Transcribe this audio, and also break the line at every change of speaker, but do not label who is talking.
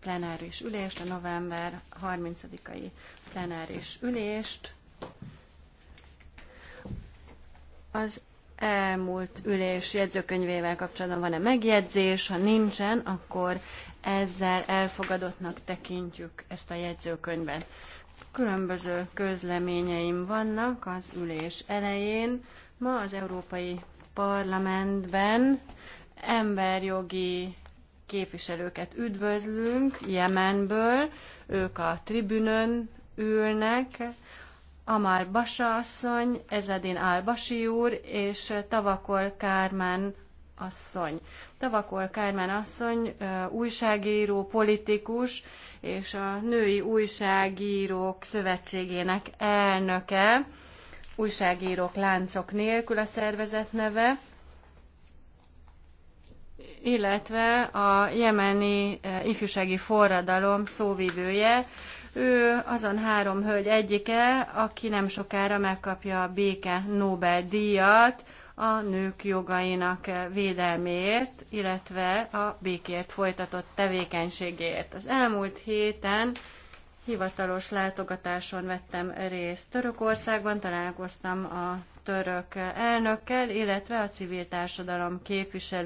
plenáris ülést, a november 30-ai plenáris ülést. Az elmúlt ülés jegyzőkönyvével kapcsolatban van-e megjegyzés, ha nincsen, akkor ezzel elfogadottnak tekintjük ezt a jegyzőkönyvet. Különböző közleményeim vannak az ülés elején. Ma az Európai Parlamentben emberjogi képviselőket üdvözlünk Jemenből, ők a tribünön ülnek, Amal Basa asszony, Ezedin Álbasi úr és Tavakol Kármán asszony. Tavakol Kármán asszony újságíró, politikus és a Női Újságírók Szövetségének elnöke, újságírók láncok nélkül a szervezet neve, illetve a jemeni eh, ifjúsági forradalom szóvivője. Ő azon három hölgy egyike, aki nem sokára megkapja a béke Nobel-díjat a nők jogainak eh, védelméért, illetve a békért folytatott tevékenységért. Az elmúlt héten hivatalos látogatáson vettem részt Törökországban, találkoztam a török elnökkel, illetve a civil társadalom képviselő